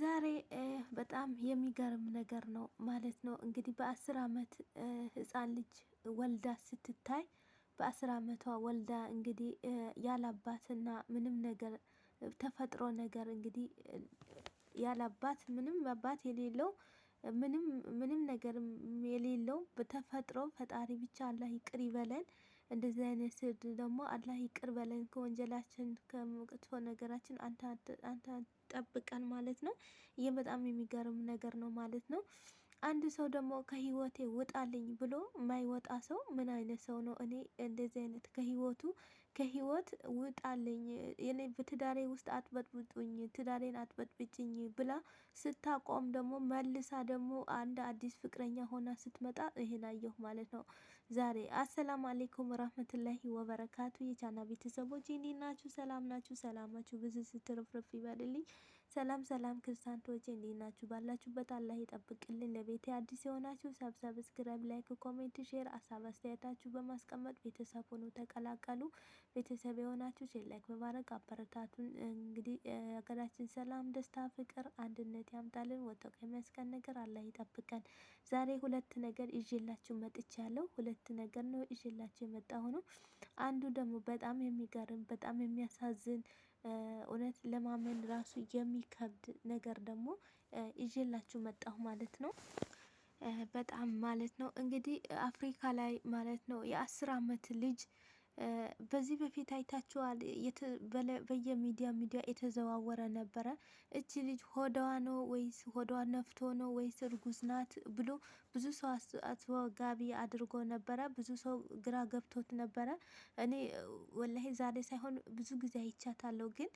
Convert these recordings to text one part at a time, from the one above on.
ዛሬ በጣም የሚገርም ነገር ነው ማለት ነው። እንግዲህ በአስር አመት ህፃን ልጅ ወልዳ ስትታይ በአስር አመቷ ወልዳ እንግዲህ ያላባትና ምንም ነገር ተፈጥሮ ነገር እንግዲህ ያላባት ምንም አባት የሌለው ምንም ምንም ነገር የሌለው በተፈጥሮ ፈጣሪ ብቻ አላህ ይቅር ይበለን። እንደዚህ አይነት ስድ ደግሞ አላህ ይቅር በለን ከወንጀላችን ከመጥፎ ነገራችን አንተ ጠብቀን ማለት ነው። ይህ በጣም የሚገርም ነገር ነው ማለት ነው። አንድ ሰው ደግሞ ከህይወቴ ውጣልኝ ብሎ ማይወጣ ሰው ምን አይነት ሰው ነው? እኔ እንደዚህ አይነት ከህይወቱ ከህይወት ውጣልኝ፣ እኔ በትዳሬ ውስጥ አትበጥብጡኝ፣ ትዳሬን አትበጥብጭኝ ብላ ስታቆም ደግሞ መልሳ ደግሞ አንድ አዲስ ፍቅረኛ ሆና ስትመጣ ይሄን አየሁ ማለት ነው። ዛሬ አሰላም አሌይኩም ወራህመቱላሂ ወበረካቱ የቻና ቤተሰቦች እንዴት ናችሁ? ሰላም ናችሁ? ሰላማችሁ ብዙ ስትርፍርፍ ይበልልኝ። ሰላም ሰላም ክርስቲያኖቼ እንዴት ናችሁ? ባላችሁበት አላህ ይጠብቅልን። ለቤቴ አዲስ የሆናችሁ ሰብስክራይብ፣ ላይክ፣ ኮሜንት፣ ሼር አሳብ አስተያየታችሁ በማስቀመጥ ቤተሰብ ሆኑ ተቀላቀሉ። ቤተሰብ የሆናችሁ ሼር፣ ላይክ በማድረግ አበረታቱን። እንግዲህ ሀገራችን ሰላም፣ ደስታ፣ ፍቅር፣ አንድነት ያምጣልን። ወጥቶ ከሚያስቀን ነገር አላህ ይጠብቀን። ዛሬ ሁለት ነገር ይዤላችሁ መጥቻለሁ። ሁለት ነገር ነው ይዤላችሁ የመጣ ነው። አንዱ ደግሞ በጣም የሚገርም በጣም የሚያሳዝን እውነት ለማመን ራሱ የሚከብድ ነገር ደግሞ ይዤላችሁ መጣሁ ማለት ነው። በጣም ማለት ነው እንግዲህ አፍሪካ ላይ ማለት ነው የአስር አመት ልጅ በዚህ በፊት አይታችኋል። በየሚዲያ ሚዲያ የተዘዋወረ ነበረ። እች ልጅ ሆዷ ነው ወይስ ሆዷ ነፍቶ ነው ወይስ እርጉዝ ናት ብሎ ብዙ ሰው አስወጋቢ አድርጎ ነበረ። ብዙ ሰው ግራ ገብቶት ነበረ። እኔ ወላሄ ዛሬ ሳይሆን ብዙ ጊዜ አይቻታለሁ። ግን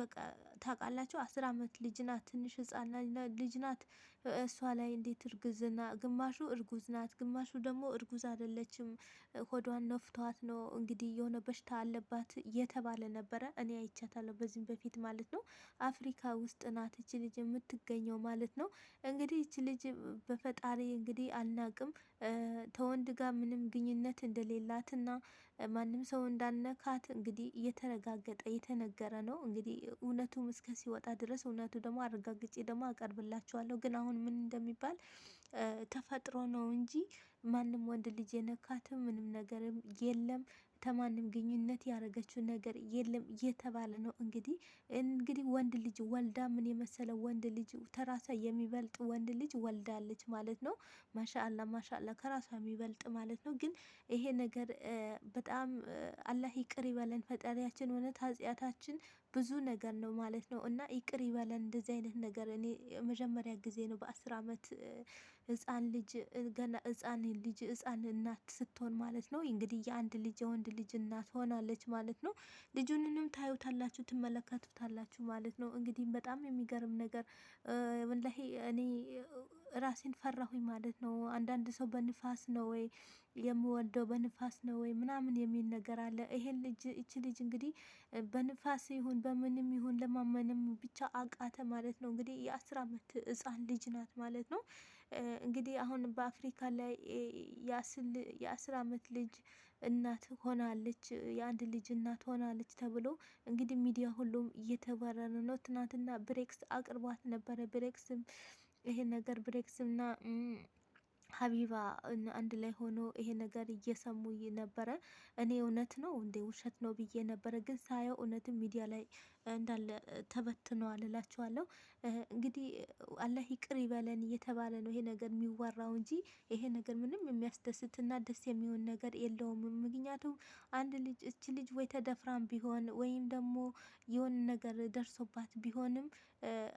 በቃ ታውቃላችሁ፣ አስር አመት ልጅ ናት፣ ትንሽ ህጻን ልጅ ናት። እሷ ላይ እንዴት እርግዝና፣ ግማሹ እርጉዝ ናት፣ ግማሹ ደግሞ እርጉዝ አይደለችም፣ ሆዷን ነፍቷት ነው እንግዲህ የሆነ በሽታ አለባት የተባለ ነበረ። እኔ አይቻታለሁ በዚህም በፊት ማለት ነው። አፍሪካ ውስጥ ናት እች ልጅ የምትገኘው ማለት ነው። እንግዲህ እች ልጅ በፈጣሪ እንግዲህ አልናቅም ተወንድ ጋር ምንም ግንኙነት እንደሌላትና ማንም ሰው እንዳነካት እንግዲህ እየተረጋገጠ የተነገረ ነው። እንግዲህ እውነቱም እስከ ሲወጣ ድረስ እውነቱ ደግሞ አረጋግጬ ደግሞ አቀርብላችኋለሁ። ግን አሁን ምን እንደሚባል ተፈጥሮ ነው እንጂ ማንም ወንድ ልጅ የነካት ምንም ነገር የለም ከማንም ግንኙነት ያደረገችው ነገር የለም እየተባለ ነው። እንግዲህ እንግዲህ ወንድ ልጅ ወልዳ ምን የመሰለ ወንድ ልጅ ተራሳ የሚበልጥ ወንድ ልጅ ወልዳለች ማለት ነው። ማሻአላ ማሻአላ ከራሷ የሚበልጥ ማለት ነው። ግን ይሄ ነገር በጣም አላህ ይቅር ይበለን ፈጣሪያችን። እውነት ኃጢአታችን ብዙ ነገር ነው ማለት ነው እና ይቅር ይበለን። እንደዚህ አይነት ነገር እኔ መጀመሪያ ጊዜ ነው በአስር አመት ህፃን ልጅ ገና ህጻን ልጅ ህፃን እናት ስትሆን ማለት ነው እንግዲህ የአንድ ልጅ የወንድ ልጅ እናት ሆናለች ማለት ነው። ልጁንንም ታዩታላችሁ ትመለከቱታላችሁ ማለት ነው። እንግዲህ በጣም የሚገርም ነገር ወላሂ እኔ ራሴን ፈራሁኝ ማለት ነው። አንዳንድ ሰው በንፋስ ነው ወይ የምወልደው በንፋስ ነው ወይ ምናምን የሚል ነገር አለ። ይሄን ልጅ እቺ ልጅ እንግዲህ በንፋስ ይሁን በምንም ይሁን ለማመንም ብቻ አቃተ ማለት ነው። እንግዲህ የአስር አመት ህፃን ልጅ ናት ማለት ነው። እንግዲህ አሁን በአፍሪካ ላይ የአስር አመት ልጅ እናት ሆናለች፣ የአንድ ልጅ እናት ሆናለች ተብሎ እንግዲህ ሚዲያ ሁሉም እየተባረረ ነው። ትናንትና ብሬክስ አቅርቧት ነበረ። ብሬክስም ይሄ ነገር እና ሀቢባ አንድ ላይ ሆኖ ይሄ ነገር እየሰሙ ነበረ። እኔ እውነት ነው እንዴ ውሸት ነው ብዬ ነበረ፣ ግን ሳየው እውነትም ሚዲያ ላይ እንዳለ ተበትነዋል እላችኋለሁ። እንግዲህ አላህ ይቅር ይበለን እየተባለ ነው ይሄ ነገር የሚወራው እንጂ ይሄ ነገር ምንም የሚያስደስትና ደስ የሚሆን ነገር የለውም። ምክንያቱም አንድ ልጅ እች ልጅ ወይ ተደፍራም ቢሆን ወይም ደግሞ የሆነ ነገር ደርሶባት ቢሆንም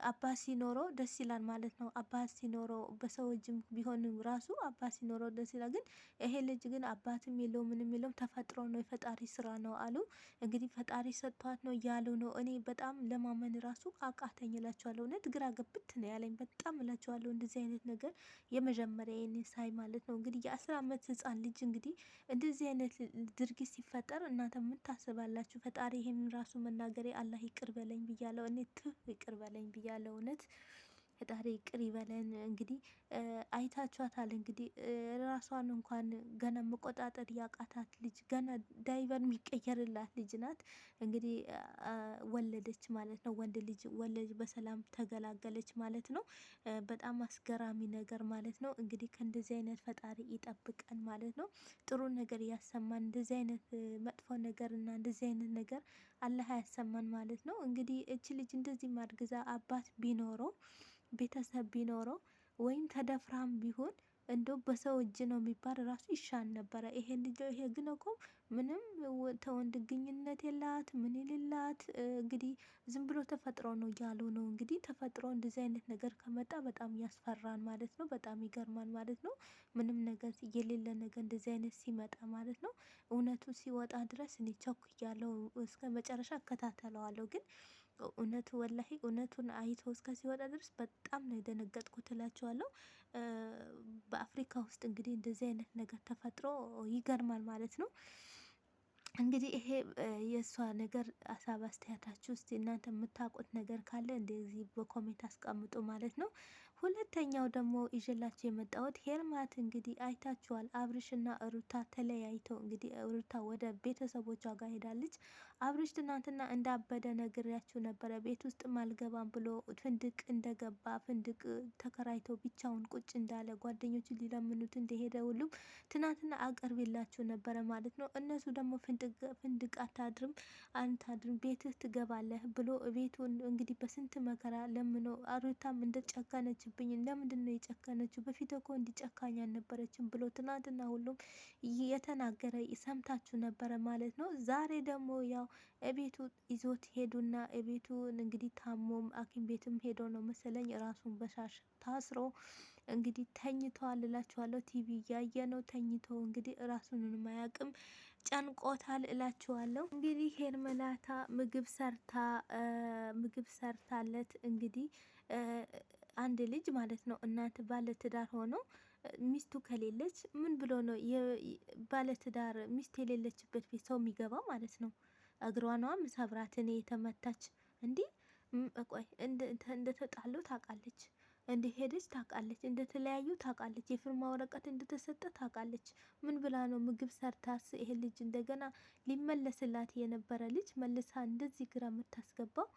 አባ ሲኖረው ደስ ይላል ማለት ነው። አባ ሲኖረው በሰው እጅም ቢሆንም ራሱ አባ ሲኖረው ደስ ይላል። ግን ይሄ ልጅ ግን አባትም የለው ምንም የለውም፣ ተፈጥሮ ነው፣ የፈጣሪ ስራ ነው አሉ። እንግዲህ ፈጣሪ ሰጥቷት ነው እያሉ ነው። እኔ በጣም ለማመን ራሱ አቃተኝ እላቸዋለሁ። እውነት ግራ ገብት ነው ያለኝ በጣም እላቸዋለሁ። እንደዚህ አይነት ነገር የመጀመሪያ ይህንን ሳይ ማለት ነው። እንግዲህ የአስር አመት ህፃን ልጅ እንግዲህ እንደዚህ አይነት ድርጊት ሲፈጠር እናንተ ምን ታስባላችሁ? ፈጣሪ ይሄንን ራሱ መናገሬ አላህ ይቅር በለኝ ብያለሁ። እኔ ትፍ ይቅር በለኝ አለኝ ብያለሁ እውነት ፈጣሪ ይቅር ይበለን። እንግዲህ አይታችኋታል። እንግዲህ ራሷን እንኳን ገና መቆጣጠር ያቃታት ልጅ ገና ዳይቨር የሚቀየርላት ልጅ ናት። እንግዲህ ወለደች ማለት ነው። ወንድ ልጅ ወለጅ በሰላም ተገላገለች ማለት ነው። በጣም አስገራሚ ነገር ማለት ነው። እንግዲህ ከእንደዚህ አይነት ፈጣሪ ይጠብቀን ማለት ነው። ጥሩ ነገር ያሰማን። እንደዚህ አይነት መጥፎ ነገር እና እንደዚህ አይነት ነገር አላህ ያሰማን ማለት ነው። እንግዲህ እች ልጅ እንደዚህ ማርግዛ አባት ቢኖረው ቤተሰብ ቢኖረው ወይም ተደፍራም ቢሆን እንደ በሰው እጅ ነው የሚባል ራሱ ይሻል ነበረ። ይሄ ልጅ ይሄ ግን እኮ ምንም ተወንድ ግንኙነት የላት ምን የሌላት እንግዲህ ዝም ብሎ ተፈጥሮ ነው እያሉ ነው እንግዲህ ተፈጥሮ እንደዚህ አይነት ነገር ከመጣ በጣም ያስፈራል ማለት ነው። በጣም ይገርማል ማለት ነው። ምንም ነገር የሌለ ነገር እንደዚህ አይነት ሲመጣ ማለት ነው። እውነቱ ሲወጣ ድረስ እኔ እያለው እስከ መጨረሻ እከታተለዋለሁ ግን እውነቱ ወላሂ እውነቱን አይተው እስከ ሲወጣ ድረስ በጣም ነው የደነገጥኩት እላቸዋለሁ። በአፍሪካ ውስጥ እንግዲህ እንደዚህ አይነት ነገር ተፈጥሮ ይገርማል ማለት ነው። እንግዲህ ይሄ የእሷ ነገር አሳብ አስተያየታችሁ ውስጥ እናንተ የምታውቁት ነገር ካለ እንደዚህ በኮሜንት አስቀምጡ ማለት ነው። ሁለተኛው ደግሞ ይዤላችሁ የመጣሁት ሄርማት እንግዲህ አይታችኋል። አብርሽና ሩታ ተለያይተው እንግዲህ ሩታ ወደ ቤተሰቦቿ ጋር ሄዳለች። አብርሽ ትናንትና እንዳበደ ነግሬያችሁ ነበረ። ቤት ውስጥ አልገባም ብሎ ፍንድቅ እንደገባ ፍንድቅ ተከራይቶ ብቻውን ቁጭ እንዳለ ጓደኞቹ ሊለምኑት እንደሄደ ሁሉም ትናንትና አቀርብላችሁ ነበረ ማለት ነው። እነሱ ደግሞ ፍንድቅ አታድርም አንታድርም ቤትህ ትገባለህ ብሎ ቤቱን እንግዲህ በስንት መከራ ለምኖ አሩታም እንደጨከነችብኝ ለምንድን ነው የጨከነችው? በፊት እኮ እንዲጨካኝ አልነበረችም ብሎ ትናንትና ሁሉም የተናገረ ሰምታችሁ ነበረ ማለት ነው። ዛሬ ደግሞ ያው እቤቱ ይዞት ሄዱና እቤቱ እንግዲህ ታሞም ሐኪም ቤትም ሄዶ ነው መሰለኝ ራሱን በሻሽ ታስሮ እንግዲህ ተኝቷል እላችኋለሁ። ቲቪ እያየ ነው ተኝቶ እንግዲህ ራሱን ማያቅም ጨንቆታል እላችኋለሁ። እንግዲህ ሄርሜላታ ምግብ ሰርታ ምግብ ሰርታለት እንግዲህ አንድ ልጅ ማለት ነው እናት ባለትዳር ሆኖ ሚስቱ ከሌለች ምን ብሎ ነው ባለትዳር ሚስት የሌለችበት ቤት ሰው የሚገባ ማለት ነው? እግሯኗም ሰብራት የተመታች እንዲህ ቆይ እንደተጣሉ ታውቃለች፣ እንደሄደች ታውቃለች፣ እንደተለያዩ ታውቃለች፣ የፊርማ ወረቀት እንደተሰጠ ታውቃለች። ምን ብላ ነው ምግብ ሰርታስ ይሄ ልጅ እንደገና ሊመለስላት የነበረ ልጅ መልሳ እንደዚህ ግራ የምታስገባው?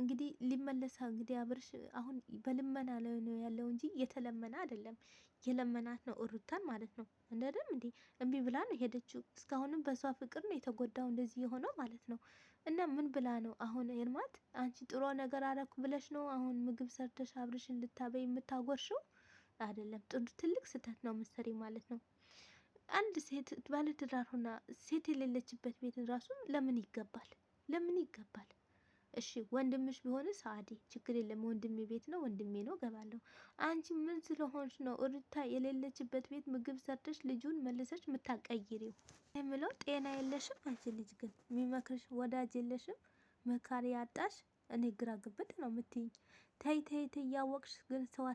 እንግዲህ ሊመለሳ እንግዲህ አብርሽ አሁን በልመና ላይ ነው ያለው እንጂ የተለመነ አይደለም። የለመናት ነው እሩታን ማለት ነው። እንደደም እንዴ እምቢ ብላ ነው ሄደችው። እስካሁንም በሷ ፍቅር ነው የተጎዳው እንደዚህ የሆነው ማለት ነው። እና ምን ብላ ነው አሁን ኤርማት አንቺ ጥሩ ነገር አረኩ ብለሽ ነው አሁን ምግብ ሰርተሽ አብርሽ እንድታበይ የምታጎርሽው አይደለም። ትልቅ ስህተት ነው ምሰሪ ማለት ነው። አንድ ሴት ባለትዳር ሆና ሴት የሌለችበት ቤት ራሱ ለምን ይገባል? ለምን ይገባል? እሺ ወንድምሽ ቢሆንስ አዲ ችግር የለም ወንድሜ ቤት ነው ወንድሜ ነው ገባለሁ። አንቺ ምን ስለሆንሽ ነው እሩታ የሌለችበት ቤት ምግብ ሰርተሽ ልጁን መልሰሽ የምታቀይሪው? የምለው ጤና የለሽም አንቺ ልጅ ግን የሚመክርሽ ወዳጅ የለሽም፣ መካሪ ያጣሽ። እኔ ግራ ግብት ነው የምትይኝ። ተይ ተይ ተይ እያወቅሽ ግን ሰው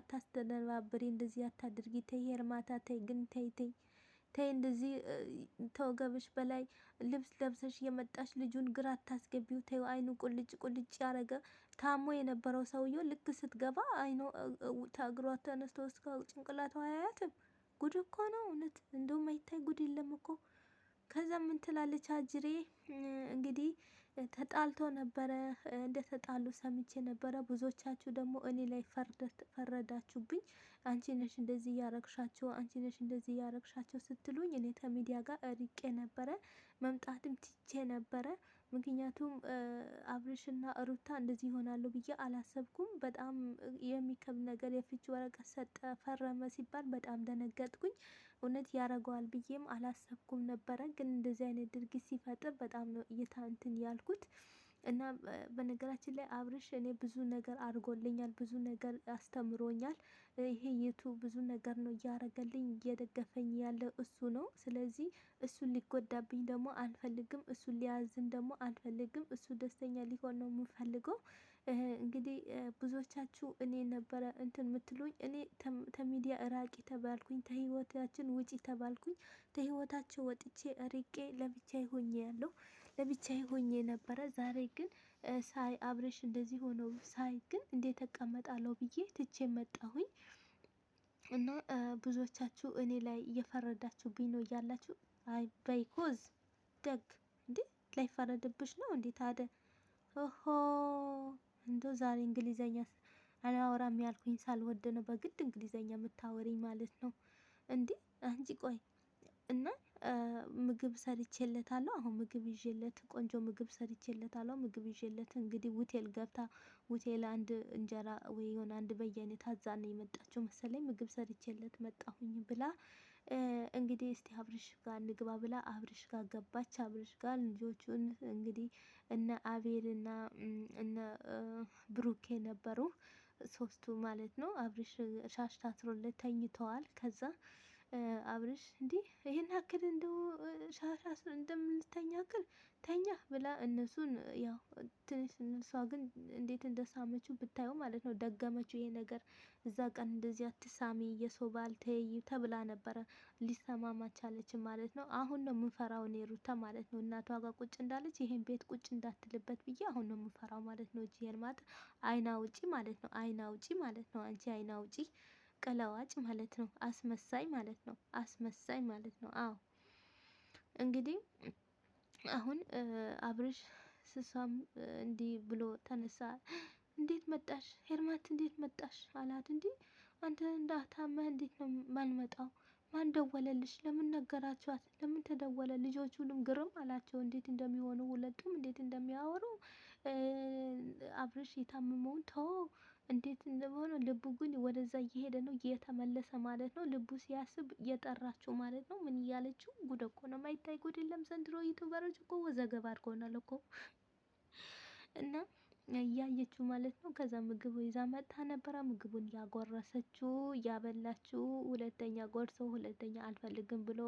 አታስተነባብሪ፣ እንደዚህ አታድርጊ፣ ተይ እርማታ፣ ተይ ግን ተይ ተይ ተይ እንደዚህ ተወገብሽ በላይ ልብስ ለብሰሽ የመጣሽ ልጁን ግራ አታስገቢው። ተይው አይኑ ቁልጭ ቁልጭ ያረገ ታሞ የነበረው ሰውየው ልክ ስትገባ አይኖ እግሯ ተነስቶ እስከ ጭንቅላቷ አያያትም። ጉድ እኮ ነው እውነት። እንደውም አይታይ ጉድ የለም እኮ። ከዛ ምን ትላለች አጅሬ እንግዲህ ተጣልቶ ነበረ እንደተጣሉ ሰምቼ ነበረ። ብዙዎቻችሁ ደግሞ እኔ ላይ ፈረዳችሁብኝ። አንቺ ነሽ እንደዚህ እያረግሻቸው፣ አንቺ ነሽ እንደዚህ እያረግሻቸው ስትሉኝ እኔ ከሚዲያ ጋር ርቄ ነበረ፣ መምጣትም ትቼ ነበረ። ምክንያቱም አብርሽና ሩታ እንደዚህ ይሆናሉ ብዬ አላሰብኩም። በጣም የሚከብድ ነገር የፍች ወረቀት ሰጠ ፈረመ ሲባል በጣም ደነገጥኩኝ። እውነት ያደርገዋል ብዬም አላሰብኩም ነበረ። ግን እንደዚህ አይነት ድርጊት ሲፈጥር በጣም ነው እይታ እንትን ያልኩት እና በነገራችን ላይ አብርሽ እኔ ብዙ ነገር አድርጎልኛል፣ ብዙ ነገር አስተምሮኛል። ይሄ የቱ ብዙ ነገር ነው እያረገልኝ እየደገፈኝ ያለ እሱ ነው። ስለዚህ እሱ ሊጎዳብኝ ደግሞ አልፈልግም፣ እሱ ሊያዝን ደግሞ አልፈልግም። እሱ ደስተኛ ሊሆን ነው የምፈልገው። እንግዲህ ብዙዎቻችሁ እኔ ነበረ እንትን የምትሉኝ እኔ ተሚዲያ እራቂ ተባልኩኝ፣ ተህይወታችን ውጪ ተባልኩኝ። ተህይወታቸው ወጥቼ ርቄ ለብቻ ሆኜ ያለው ለብቻ ሆኜ ነበረ። ዛሬ ግን ሳይ አብረሽ እንደዚህ ሆኖ ሳይ ግን እንዴት ተቀመጣለሁ ብዬ ትቼ መጣሁኝ። እና ብዙዎቻችሁ እኔ ላይ እየፈረዳችሁ እየፈረዳችሁብኝ ነው እያላችሁ አይ ባይኮዝ ደግ እንዴ ላይፈረድብሽ ነው እንዴት አደ ኦሆ እንዶ ዛሬ እንግሊዘኛ አላወራም ያልኩኝ ሳልወድ ነው በግድ እንግሊዘኛ የምታወሪኝ ማለት ነው። እንዴ አንቺ ቆይ እና ምግብ ሰርቼለታለሁ አሁን ምግብ ይዤለት ቆንጆ ምግብ ሰርቼለታለሁ። ምግብ ይዤለት እንግዲህ ሆቴል ገብታ ሆቴል አንድ እንጀራ ወይ የሆነ አንድ በየአይነት አዛ ነው የመጣችው መሰለኝ ምግብ ሰርቼለት መጣሁኝ ብላ እንግዲህ እስቲ አብርሽ ጋር እንግባ ብላ አብርሽ ጋር ገባች። አብርሽ ጋር ልጆቹን እንግዲህ እነ እና እነ ብሩኬ ነበሩ ሶስቱ ማለት ነው። አብርሽ ሻሽ ታስሮለት ተኝተዋል። ከዛ አብርሽ እንዲህ ይህን ያክል እንደው ሻሻ እንደምንተኛ ያክል ተኛ ብላ እነሱን ያው ትንሽ እሷ ግን እንዴት እንደሳመችው ብታዩ ማለት ነው። ደገመችው ይሄ ነገር እዛ ቀን እንደዚህ አትሳሚ የሰው ባል ተይ ተብላ ነበረ። ሊሰማም አልቻለችም ማለት ነው። አሁን ነው የምንፈራው እኔ ሩታ ማለት ነው። እናቷ ጋር ቁጭ እንዳለች ይሄን ቤት ቁጭ እንዳትልበት ብዬ አሁን ነው የምንፈራው ማለት ነው። ማለት አይና ውጪ ማለት ነው። አይና ውጪ ማለት ነው። አንቺ አይና ውጪ ቀለዋጭ ማለት ነው። አስመሳይ ማለት ነው። አስመሳይ ማለት ነው። አዎ እንግዲህ አሁን አብርሽ ስሷም እንዲህ ብሎ ተነሳ። እንዴት መጣሽ ሄርማት፣ እንዴት መጣሽ አላት። እንዲህ አንተ እንዳታመህ እንዴት ነው ማልመጣው? ማን ደወለልሽ? ለምን ነገራችኋት? ለምን ተደወለ? ልጆች ሁሉም ግርም አላቸው። እንዴት እንደሚሆኑ ሁለቱም እንዴት እንደሚያወሩ አብርሽ የታመመውን ተወው እንዴት እንደሆነ ልቡ ግን ወደዛ እየሄደ ነው እየተመለሰ ማለት ነው። ልቡ ሲያስብ እየጠራችው ማለት ነው። ምን እያለችው ጉድ እኮ ነው ማይታይ ጉድ የለም ዘንድሮ ዩቱበሮች እኮ ወዘገባ አድርጎናል እኮ እና እያየችው ማለት ነው። ከዛ ምግብ ይዛ መጣ ነበረ። ምግቡን እያጎረሰችው እያበላችው፣ ሁለተኛ ጎርሶ ሁለተኛ አልፈልግም ብሎ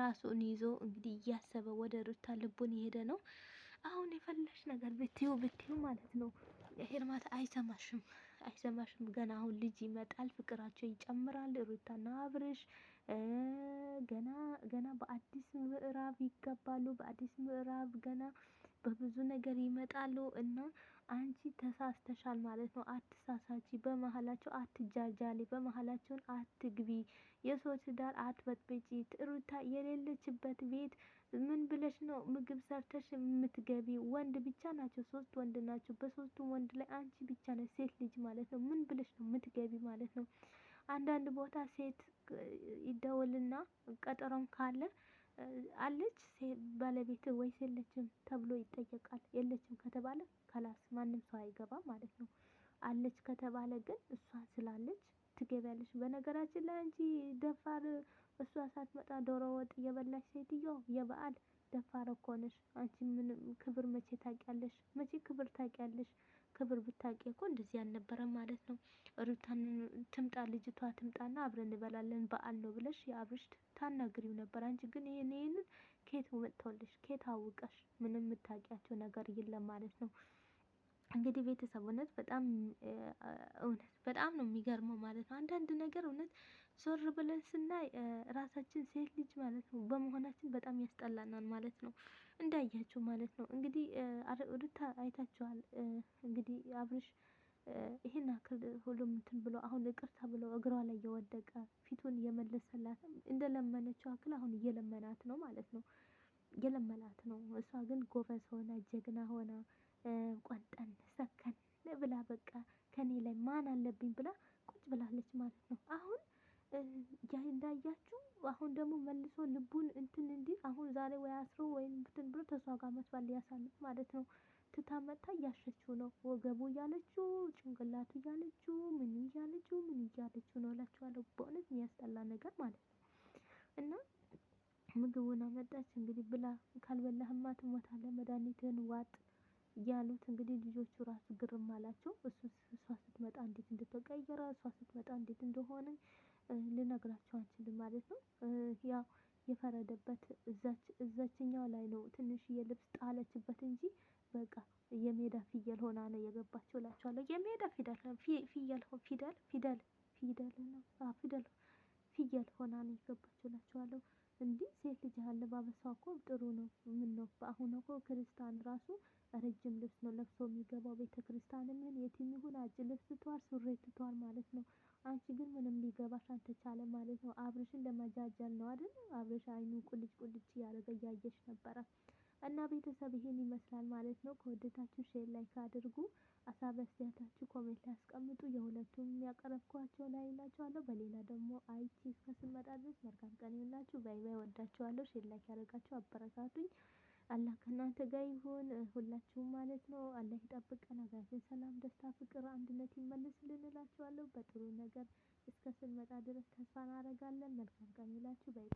ራሱን ይዞ እንግዲህ እያሰበ ወደ ሩታ ልቡን የሄደ ነው። አሁን የፈለሽ ነገር ብትዩ ብትዩ ማለት ነው ሄርማት አይሰማሽም፣ አይሰማሽም። ገና አሁን ልጅ ይመጣል፣ ፍቅራቸው ይጨምራል። ሩታና አብርሽ ገና ገና በአዲስ ምዕራብ ይገባሉ። በአዲስ ምዕራብ ገና በብዙ ነገር ይመጣሉ እና አንቺ ተሳስተሻል ማለት ነው። አትሳሳቺ፣ በመሀላቸው አትጃጃሊ፣ በመሀላቸውን አትግቢ፣ የሰው ትዳር አትበጥብጪ። ሩታ የሌለችበት ቤት ምን ብለሽ ነው ምግብ ሰርተሽ የምትገቢ? ወንድ ብቻ ናቸው፣ ሶስት ወንድ ናቸው። በሶስቱ ወንድ ላይ አንቺ ብቻ ነሽ ሴት ልጅ ማለት ነው። ምን ብለሽ ነው የምትገቢ ማለት ነው። አንዳንድ ቦታ ሴት ይደወልና ቀጠሮም ካለ አለች ባለቤት ወይስ የለችም ተብሎ ይጠየቃል። የለችም ከተባለ ከላስ ማንም ሰው አይገባም ማለት ነው። አለች ከተባለ ግን እሷ ስላለች ትገቢያለች። በነገራችን ላይ አንቺ ደፋር እሷ ሳትመጣ ዶሮ ወጥ የበላች ሴትዮ የበዓል ደፋር እኮ ነሽ። አንቺ ምን ክብር መቼ ታውቂያለሽ? መቼ ክብር ታውቂያለሽ? ክብር ብታውቂ እኮ እንደዚህ አልነበረም ማለት ነው። ሩታን ትምጣ ልጅቷ ትምጣና አብረን እንበላለን በዓል ነው ብለሽ የአብርሽ ታናግሪው ነበር። አንቺ ግን ይህን ይህንን ኬት መጥቶልሽ ኬት አውቀሽ ምንም የምታውቂያቸው ነገር የለም ማለት ነው። እንግዲህ ቤተሰብ እውነት በጣም እውነት በጣም ነው የሚገርመው ማለት ነው። አንዳንድ ነገር እውነት ዞር ብለን ስናይ ራሳችን ሴት ልጅ ማለት ነው በመሆናችን በጣም ያስጠላናል ማለት ነው። እንዳያችሁ ማለት ነው እንግዲህ ሩታ አይታችኋል እንግዲህ አብርሽ ይህን አክል ሁሉም እንትን ብሎ አሁን ይቅርታ ብሎ እግሯ ላይ የወደቀ ፊቱን እየመለሰላት እንደለመነችው አክል አሁን እየለመናት ነው ማለት ነው። እየለመናት ነው እሷ ግን ጎበዝ ሆና ጀግና ሆና ቆንጠን ሰከን ብላ በቃ ከኔ ላይ ማን አለብኝ ብላ ቁጭ ብላለች ማለት ነው አሁን እንዳያችሁ አሁን ደግሞ መልሶ ልቡን እንትን እንዲህ አሁን ዛሬ ወይ አስሮ ወይም እንትን ብሎ ተሷ ጋር መጥቷል ሊያሳልፍ ማለት ነው። ትታመጣ እያሸችው ነው ወገቡ እያለችው ጭንቅላቱ እያለችው ምኑ እያለችው ምን እያለችው ነው እላችኋለሁ። በእውነት የሚያስጠላ ነገር ማለት ነው። እና ምግቡን አመጣች እንግዲህ ብላ ካልበላህማ ትሞታለህ፣ መድኃኒትህን ዋጥ ያሉት እንግዲህ ልጆቹ ራሱ ግርም አላቸው። እሱ እሷ ስትመጣ እንዴት እንደተቀየረ እሷ ስትመጣ እንዴት እንደሆነ ልነግራችሁ አልችልም ማለት ነው። ያው የፈረደበት እዛች እዛችኛው ላይ ነው ትንሽ ልብስ ጣለችበት እንጂ በቃ የሜዳ ፍየል ሆና ነው የገባችው እላችኋለሁ። የሜዳ ፊደል ፍየል ፊደል ፊደል ፊደል ነው ፊደል ፍየል ሆና ነው የገባችው እላችኋለሁ። እንዲህ ሴት ልጅ አለባበሷ እኮ ጥሩ ነው። ምነው በአሁኑ እኮ ክርስቲያን ራሱ ረጅም ልብስ ነው ለብሶ የሚገባው ቤተክርስቲያንም ይሁን የትም ይሁን አጭር ልብስ ትቷል ሱሪ ትቷል ማለት ነው። አንቺ ግን ምንም ሊገባሽ አልተቻለም ማለት ነው። አብርሽን ለመጃጃል ነው አይደል? አብርሽ አይኑ ቁልጭ ቁልጭ እያደረገ እያየሽ ነበረ። እና ቤተሰብ ይሄን ይመስላል ማለት ነው። ከወደታችሁ ሼር ላይ ካድርጉ፣ ሀሳብ አስተያየታችሁ ኮሜንት ላይ አስቀምጡ። የሁለቱም ያቀረብኳቸው ላይ እላችኋለሁ። በሌላ ደግሞ አይቼ እስከ ስመጣ ድረስ መልካም ቀን ይሁንላችሁ። ባይ ባይ። ወዳችኋለሁ። ሼር ላይ ካደረጋችሁ አበረታቱኝ። አላህ ከእናንተ ጋር ይሁን ሁላችሁም ማለት ነው። አላህ ይጠብቀን። ሀገራችን ሰላም፣ ደስታ፣ ፍቅር፣ አንድነት ይመልስልን እላችኋለሁ። በጥሩ ነገር እስከ ስንመጣ ድረስ ተስፋ እናደርጋለን። መልካም ቀን ይላችሁ ባይ